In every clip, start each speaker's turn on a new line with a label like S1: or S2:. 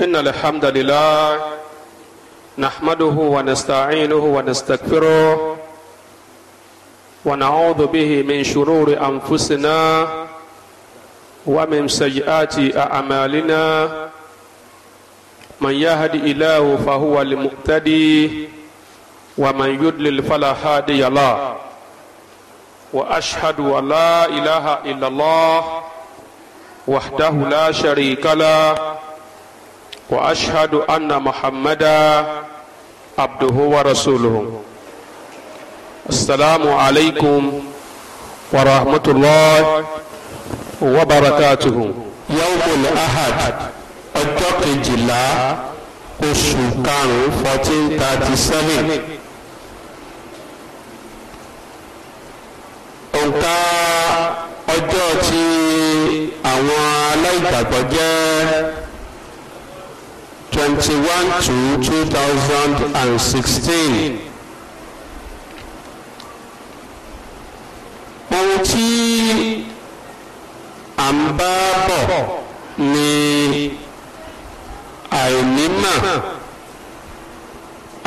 S1: إن الحمد لله نحمده ونستعينه ونستغفره ونعوذ به من شرور أنفسنا ومن سيئات أعمالنا من يهد إله فهو المقتدي ومن يدلل فلا هادي له وأشهد أن لا إله إلا الله وحده لا شريك له واشهد ان محمدا عبده ورسوله السلام عليكم ورحمه الله وبركاته يوم الاحد ọjọ́ kejìlá oṣù karùn-ún fourteen thirty seven òǹkà ọjọ́ tí àwọn aláìgbàgbọ́ jẹ́. 21 to 2016. thousand and sixteen. ohun tí à ń bá bọ̀ ni àìnímọ̀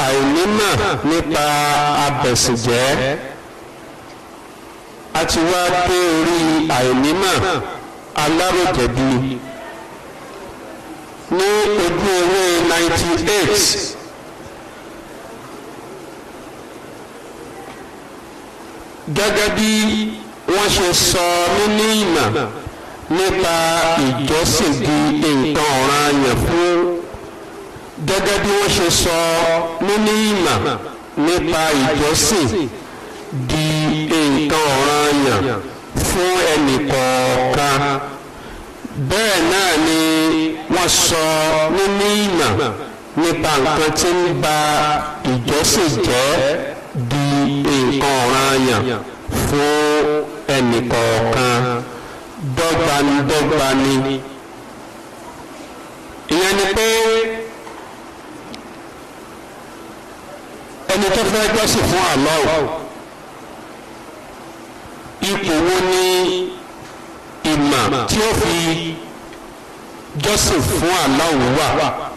S1: àìnímọ̀ nípa abẹ̀sìnjẹ́ a ti wá dé orí àìnímọ̀ aláròjẹ̀bi ní ojú owó ninety eight. gẹ́gẹ́ bí wọ́n ṣe sọ nínú ìmọ̀ nípa ìjọsìn di nǹkan ọ̀ranyàn fún gẹ́gẹ́ bí wọ́n ṣe sọ nínú ìmọ̀ nípa ìjọsìn di nǹkan ọ̀ranyàn fún ẹnì kọ̀ọ̀kan bẹ́ẹ̀ náà ni wọ́n sọ níní ìmọ̀ nípa nǹkan tí ń ba ìjọsìn jẹ́ di nǹkan ọ̀ranyàn fún ẹnìkọ̀ọ̀kan dọ́gbanidọ́gba ni. ìyẹn ni pé ẹni tó fẹ́ jọ́sìn fún àlọ́ ipò wo ni ìmọ̀ tí ó fi ìjọsìn fún aláwo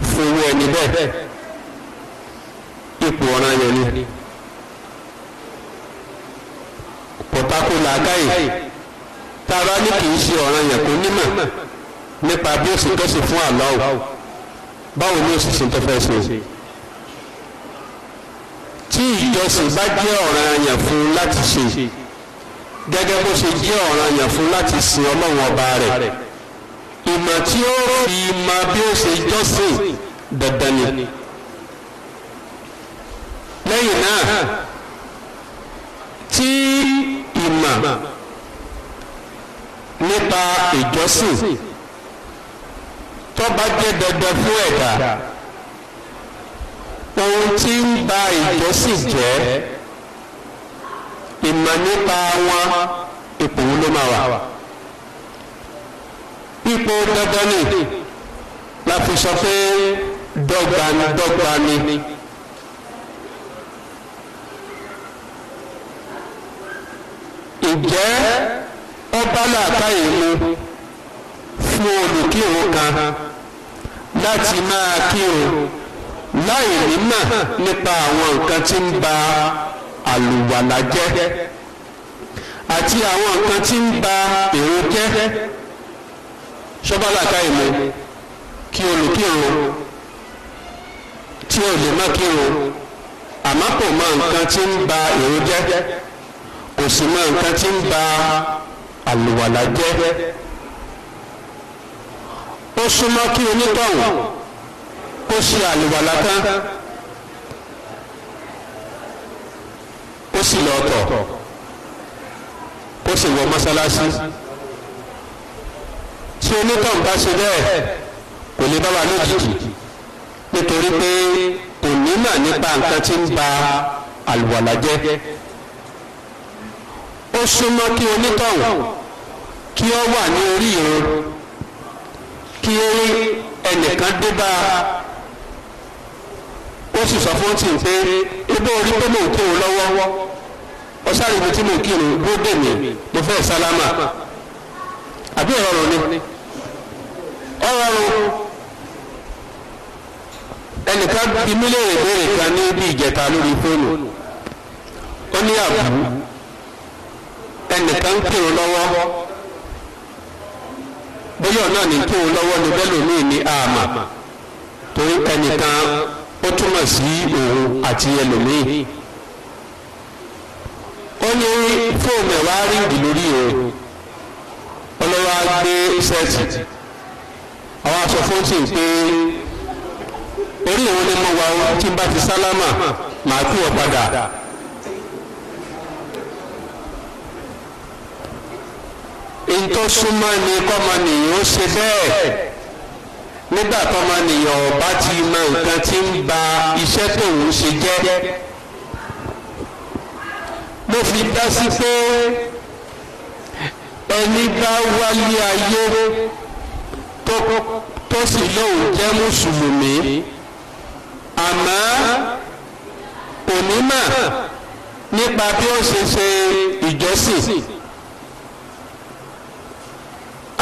S1: fún owó ẹni bẹ́ẹ̀ ipò ọ̀ràn yẹn ni pọ̀tàkó làákàyè tára ní kì í ṣe ọ̀ràn yẹn kò nímọ̀ nípa bí ó sì fún aláwo báwo ni ó sì fẹ́ ṣe tí ìjọsìn bá jẹ́ ọ̀ràn yẹn fún láti ṣe gẹ́gẹ́ bó ṣe jẹ́ ọ̀ràn yẹn fún láti sin ọlọ́run ọba rẹ̀ ìmọ̀ tí ó fi ma bí ó ṣe jọ́sìn dandan ni lẹ́yìn náà tí ìmọ̀ nípa ìjọ́sìn tó bá jẹ́ dandan fún ẹ̀dá ohun tí ń ba ìjọ́sìn jẹ́ ìmọ̀ nípa wọn ipò wo ló máa wà. ipò dandan ni la fi sọ pé dọ́gba ni dọ́gba ni. ìjẹ́ ọba làákàyè mu fún olùkírun kan láti máa kírun láì nímọ̀ nípa àwọn nǹkan tí ń ba àlùwàlà jẹ́ àti àwọn nǹkan tí ń ba èrò jẹ́. sọ́bàlà ime kí olùkírun tí o lè má kírun àmọ́ kò mọ nǹkan tí ń ba jẹ́ kò sì tí ń ba àlùwàlà jẹ́ ó súnmọ́ kí onítọ̀hún kó ṣe àlùwàlà lọ ó sì wọ mọ́sálásí. tí onítàn bá ṣe bẹ́ẹ̀ kò lè bá wa lójijì nítorí pé kò ní mà nípa nǹkan tí ń ba àlùwàlà jẹ́ ó súnmọ́ kí onítọ̀hún kí ó wà ní orí irun kí ẹnìkan dé bá ó sì sọ fún tì pé ibò orí pé mò ń kírun lọ́wọ́ ọ̀sáré ibi tí mò ń kírun ló dè mí mo fẹ́ sálámà àbí ìrọ̀rùn ni ọ̀rọ̀rùn ẹnìkan bí mílíọ̀nù ìbéèrè kan ní bí ìjẹta lórí fóònù ó ní àbú ẹnìkan ń kírun lọ́wọ́ bóyá náà ní kírun lọ́wọ́ ni bẹ́lòmíì ní àmà torí ẹnìkan ó túmọ̀ sí òun àti ẹlòmíì ó ní fóònù ẹ̀ wá ríǹgì lórí òun olówó agbé sẹ́ẹ̀tì àwọn aṣọ fóńtì pé orí ìwọ ni mo wà ó tí n bá ti sálámà màá kú ọ padà. ntọ́súnmọ́ ni kọ́mọnìyàn ó ṣe bẹ́ẹ̀ nígbà tọ́mọnìyàn ọba ti mọ nǹkan tí ń ba iṣẹ́ tóun ṣe jẹ́ mo fi dá sí pé ẹni bá wálé ayé tó sì lóun jẹ́ mùsùlùmí àmọ́ onímọ̀ nípa bí ó ṣe ṣe ìjọsìn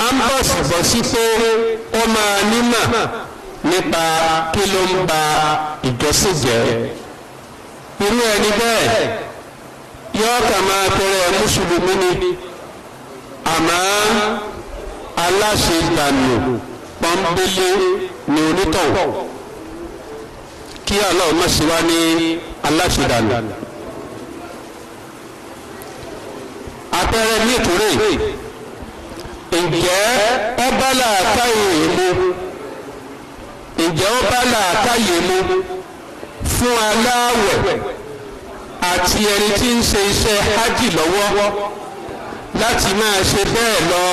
S1: à ń bọ̀ sọ̀bọ̀ sí pé ó máa nímọ̀ nípa kí ló ń ba ìjọsìn jẹ́ irú ẹni bẹ́ẹ̀ yóò kà máa tọrẹ mùsùlùmí ni àmọ́ aláṣetànù pọ́nbélé ni onítọ̀wọ̀ kí Allah má ṣe wá ní aláṣetànù. àpẹẹrẹ ní ìtúrè ǹjẹ́ ọba làákàyè mu ǹjẹ́ ọba làákàyè mu fún aláwẹ̀ àti ẹni tí ń ṣe iṣẹ́ hajj lọ́wọ́ láti máa ṣe bẹ́ẹ̀ lọ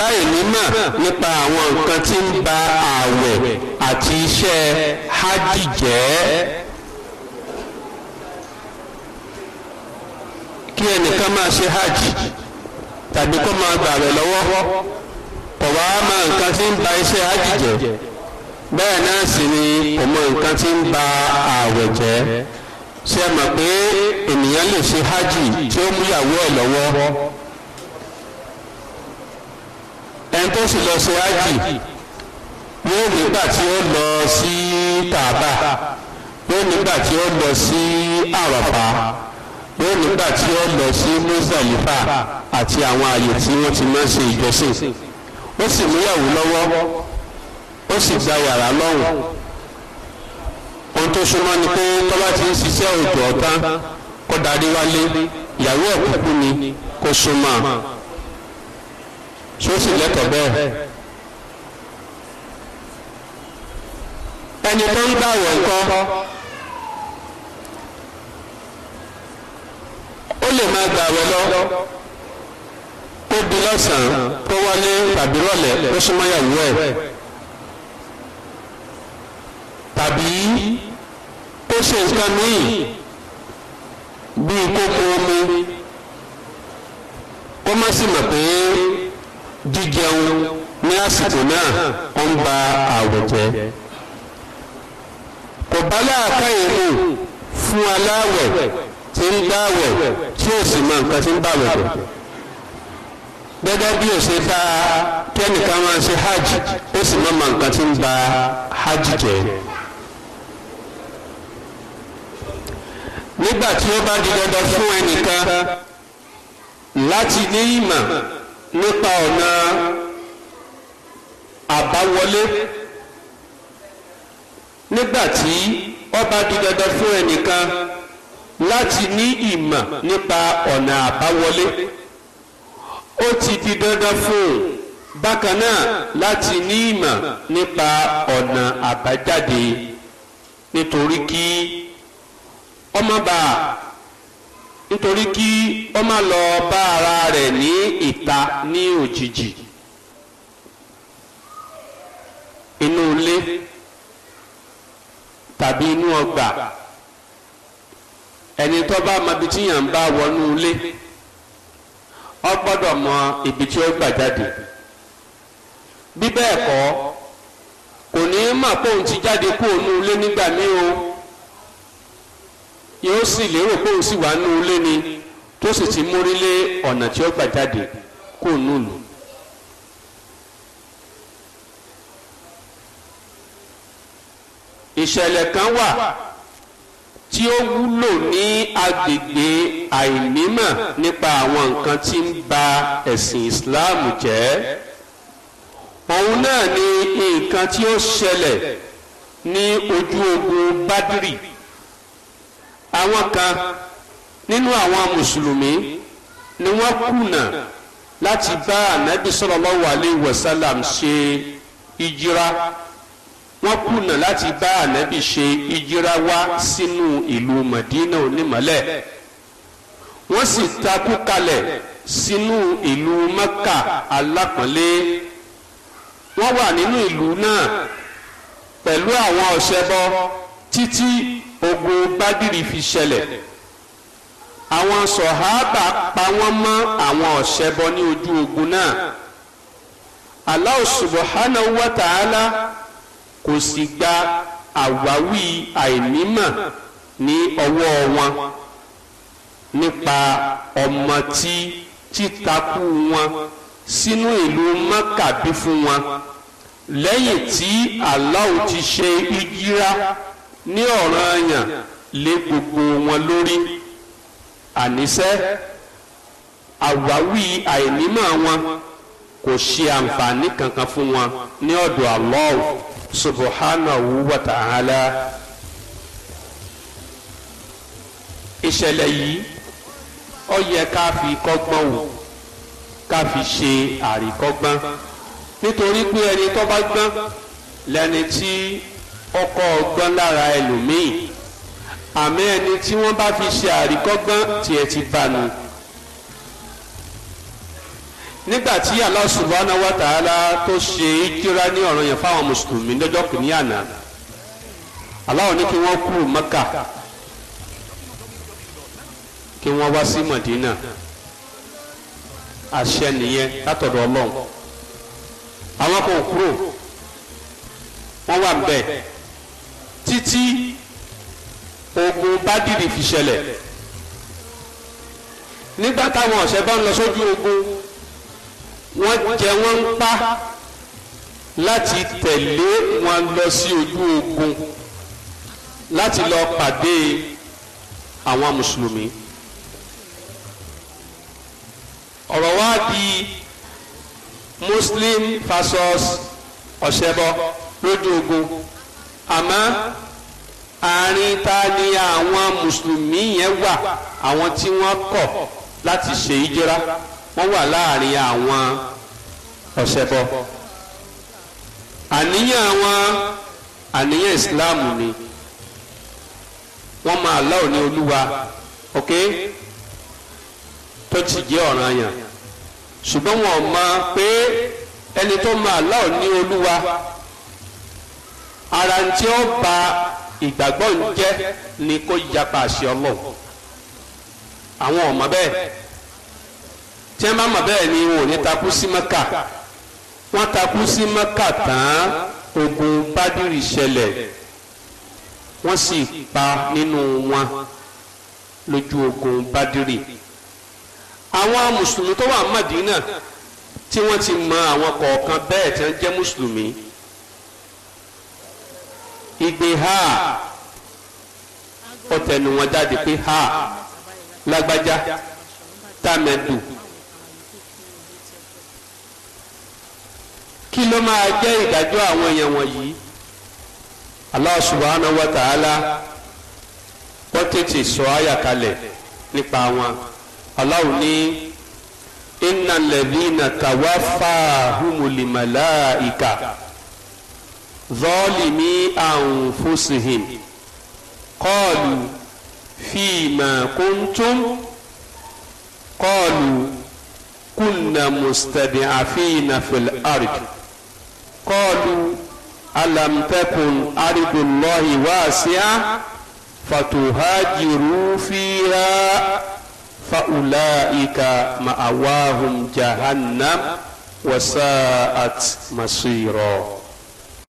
S1: láì nímọ̀ nípa àwọn nǹkan tí ń ba ààwẹ̀ àti iṣẹ́ hajj jẹ́. kí ẹnìkan máa ṣe hajj tàbí kó máa gbààwẹ̀ lọ́wọ́ kò wá mọ nǹkan tí ń ba iṣẹ́ hajj jẹ́ bẹ́ẹ̀ náà sì ni kò mọ nǹkan tí ń ba ààwẹ̀ jẹ́ ṣé ẹ mọ̀ pé ènìyàn lè ṣe hajj tí ó mú ìyàwó ẹ̀ lọ́wọ́ ẹni tó sì lọ ṣe ájì yóò nígbà tí ó lọ sí Kaaba yóò nígbà tí ó lọ sí Àràfà yóò nígbà tí ó lọ sí Muzdalifa àti àwọn àyè tí wọ́n ti máa ń ṣe ìjọsìn ó sì múyàwó lọ́wọ́ ó sì gba yàrá lọ́hùn ohun tó súnmọ́ ni pé tọ́lá ti ń ṣiṣẹ́ òjò ọ̀tá kó darí wálé ìyàwó ẹ̀kúnkún ni kó súnmọ́ ṣó sì lẹ́tọ̀ọ́ bẹ́ẹ̀. ẹni tó ń gbàwẹ̀ ńkọ́ ó lè máa gbàwẹ̀ lọ kó di lọ́sàn-án kó wálé tàbí rọ̀lẹ́ kó súnmọ́ ìyàwó ẹ̀ tàbí kó ṣe nǹkan míì bíi kókó omi kó má sì mọ̀ pé jíjẹun ní àsìkò náà ó ń ba àwẹ̀ jẹ́
S2: kò bá láàkáyè mú fún aláwẹ̀
S1: tí ń dáwẹ̀ tí ó sì mọ nǹkan tí ń bàwẹ̀ jẹ́ gẹ́gẹ́ bí òṣè bá kẹ́nìkan máa ṣe hajj ó sì mọ nǹkan tí ń ba hajj jẹ́
S2: nígbà tí ó bá di dandan fún ẹnìkan
S1: láti ní ìmọ̀ nípa ọ̀nà àbáwọlé nígbà tí ó bá di dandan fún ẹnìkan láti ní ìmọ̀ nípa ọ̀nà àbáwọlé ó ti di dandan fún un bákan náà láti ní ìmọ̀ nípa ọ̀nà àbájáde nítorí kí ọmọ bá nítorí kí ó má lọ bá ara rẹ̀ ní ìta ní òjijì inú ilé tàbí inú ọgbà ẹni tó bá mọ ibi tí yàn ń bá wọnú ilé ibi tí ó gbà jáde bí bẹ́ẹ̀ kọ́ kò ní í ti jáde kúrò ilé o. yóò sì lérò pé òun sì wà nínú ilé ni tó sì ti mórí lé ọ̀nà tí ó gbà jáde kó nù lù. ìṣẹ̀lẹ̀ kan wà tí ó wúlò ní agbègbè àìnímọ̀ nípa àwọn nǹkan tí ń ba ẹ̀sìn Islam jẹ́ òun náà ni nǹkan tí ó ṣẹlẹ̀ ní ojú ogun Badri àwọn kan nínú àwọn mùsùlùmí ni wọ́n kùnà láti bá ànábì sallallahu alaihi wasallam ṣe ìjìra wọ́n kùnà láti bá ànábì ṣe ìjìra wá sínú ìlú Madina onímọ̀lẹ̀ wọ́n sì takú kalẹ̀ sínú ìlú Mẹ́kà alápọ̀nlé wọ́n wà nínú ìlú náà pẹ̀lú àwọn ọ̀ṣẹ́bọ títí ogun bádìrì fi ṣẹlẹ̀ àwọn sọ̀hábà pa wọ́n mọ́ àwọn ọ̀ṣẹ́bọ ní ojú ogun náà Allah subhanahu wa ta'ala kò sì gba àwáwí àìnímọ̀ ní ọwọ́ wọn nípa ọmọ tí títakú wọn sínú ìlú Mẹ́kà bí fún wọn lẹ́yìn tí Allah ti ṣe ìjírá. ní ọ̀ràn àyàn lé gbogbo wọn lórí àníṣẹ́ àwáwí àìnímọ̀ wọn kò ṣe àǹfààní kankan fún wọn ní ọ̀dọ̀ Allah subhanahu wa ta'ala ìṣẹ̀lẹ̀ yìí ó yẹ ká fi kọ́gbọ́n wò ká fi ṣe àríkọ́gbọ́n nítorí pé ẹni tó bá gbọ́n lẹ́ni tí ọkọ̀ ọgbọ́n lára ẹlòmíì àmọ́ ẹni tí wọ́n bá fi ṣe àríkọ́gbọ́n tiẹ̀ ti bànú. nígbà tí Allah subhanahu wa ta'ala tó ṣe ìjírá ní ọ̀ràn yẹn fáwọn mùsùlùmí lọ́jọ́ kìíní àná Allah ní kí wọ́n kú Mẹ́kà kí wọ́n wá sí Mọ̀dínà àṣẹ nìyẹn látọ̀dọ̀ Ọlọ́run àwọn kò kúrò wọ́n wà ń bẹ́ẹ̀ títí ogun bádìrì fi ṣẹlẹ̀ nígbà táwọn ọ̀sẹ̀ bá ń lọ sójú ogun wọ́n jẹ wọ́n ń pa láti tẹ̀lé wọn lọ sí ojú ogun láti lọ pàdé àwọn mùsùlùmí ọ̀rọ̀ wá di muslim versus ọ̀sẹ̀bọ lójú ogun àmọ́ àárín ta ni àwọn mùsùlùmí yẹn wà àwọn tí wọ́n kọ̀ láti ṣe ìjọra wọ́n wà láàrin àwọn ọ̀sẹ̀bọ àníyàn wọn àníyàn ìsìláàmù ni wọ́n máa láò ní olúwa ok tó ti jẹ́ ọ̀ràn yàn ṣùgbọ́n wọn mọ̀ pé ẹni tó máa láò ní olúwa ara ń tí ó ba ìgbàgbọ́ ń jẹ́ ni kó yapa àṣẹ ọlọ́run àwọn ọmọ bẹ́ẹ̀ tí wọ́n bá mọ̀ bẹ́ẹ̀ ni wọn ò ní takú sí mẹ́kà wọ́n takú sí mẹ́kà tán ogun bádìrì ṣẹlẹ̀ wọ́n sì pa nínú wọn lójú ogun bádìrì àwọn mùsùlùmí tó wà mọ̀dínà tí wọ́n ti mọ àwọn kọ̀ọ̀kan bẹ́ẹ̀ tí wọ́n jẹ́ mùsùlùmí ìgbé ha ó tẹnu wọn jáde pé ha lágbájá tàmẹ̀dù kí ló máa jẹ́ ìdájọ́ àwọn èèyàn wọ̀nyí Allah subhanahu wa ta'ala wọ́n tètè sọ àyà nípa wọn Allah ní innal ladhina tawaffahumul malaika. ظالمي أنفسهم قالوا فيما كنتم قالوا كنا مستضعفين في الأرض قالوا ألم تكن أرض الله واسعة فتهاجروا فيها فأولئك مأواهم جهنم وساءت مصيرًا